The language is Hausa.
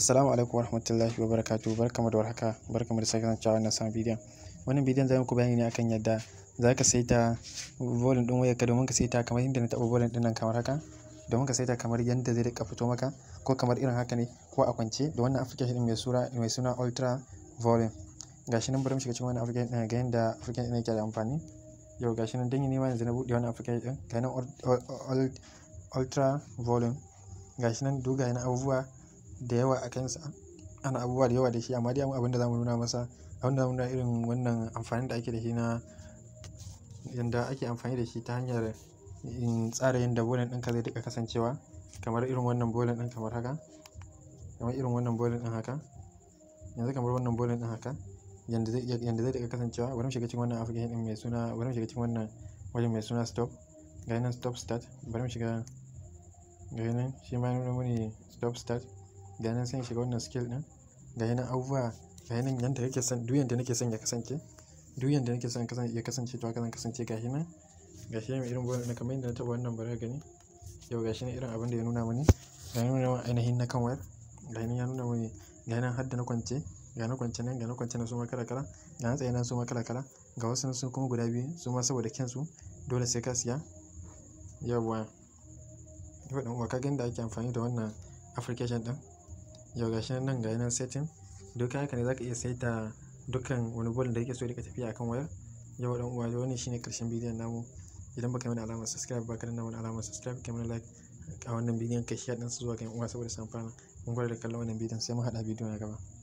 Assalamu alaikum warahmatullahi wabarakatuh barkamu da warhaka barkamu da sake zancewa wannan sabon bidiyon wannan bidiyon zai muku bayani ne akan yadda za ka saita volume din wayarka domin ka saita kamar yadda na taɓa volume din nan kamar haka domin ka saita kamar yadda zai rika fito maka ko kamar irin haka ne ko a kwance da wannan application din mai sura mai suna ultra volume gashi nan bari mu shiga cikin wannan application din ga yadda application din yake da amfani yau gashi nan dan yi nema yanzu na buɗe wannan application din ga nan ultra volume gashi nan duk ga abubuwa da yawa a kansa ana abubuwa da yawa da shi amma dai mu abin da zamu nuna masa abin da zamu nuna irin wannan amfani da ake da shi na yanda ake amfani da shi ta hanyar tsara yanda bolin ɗinka zai riƙa kasancewa kamar irin wannan bolin ɗin kamar haka kamar irin wannan bolin ɗin haka yanzu kamar wannan bolin ɗin haka yanda zai yanda kasancewa bari mu shiga cikin wannan application ɗin mai suna bari mu shiga cikin wannan wajen mai suna stop ga nan stop start bari mu shiga ga nan shi ma nuna mini stop start ga nan sai shiga wannan skill din ga yana abubuwa ga yana yanda kake san duk yanda nake son ya kasance duk yanda nake son ya kasance to haka zan kasance ga yana ga shi mai irin wannan kamar yadda na taba wannan bara gani yau ga shi ne irin abin da ya nuna mani ga yana nuna ainihin na kan wayar ga yana nuna mani ga yana hadda na kwance ga na kwance nan ga na kwance nan su ma kala kala ga na tsaye nan su ma kala kala ga wasu nan su kuma guda biyu su ma saboda kyansu dole sai ka siya yawwa yau ɗan uwa ka ga da ake amfani da wannan application ɗin yau shi nan ga nan setting duk haka ne zaka iya saita dukkan wani bol da yake so rika tafiya akan wayar yau dan uwa wannan shine karshen bidiyon namu idan baka mana alamar subscribe baka danna mana alamar subscribe kai mana like a wannan bidiyon ka share din su zuwa ga yan uwa saboda su amfana mun gwada da kallon wannan bidiyon sai mun hada bidiyo na gaba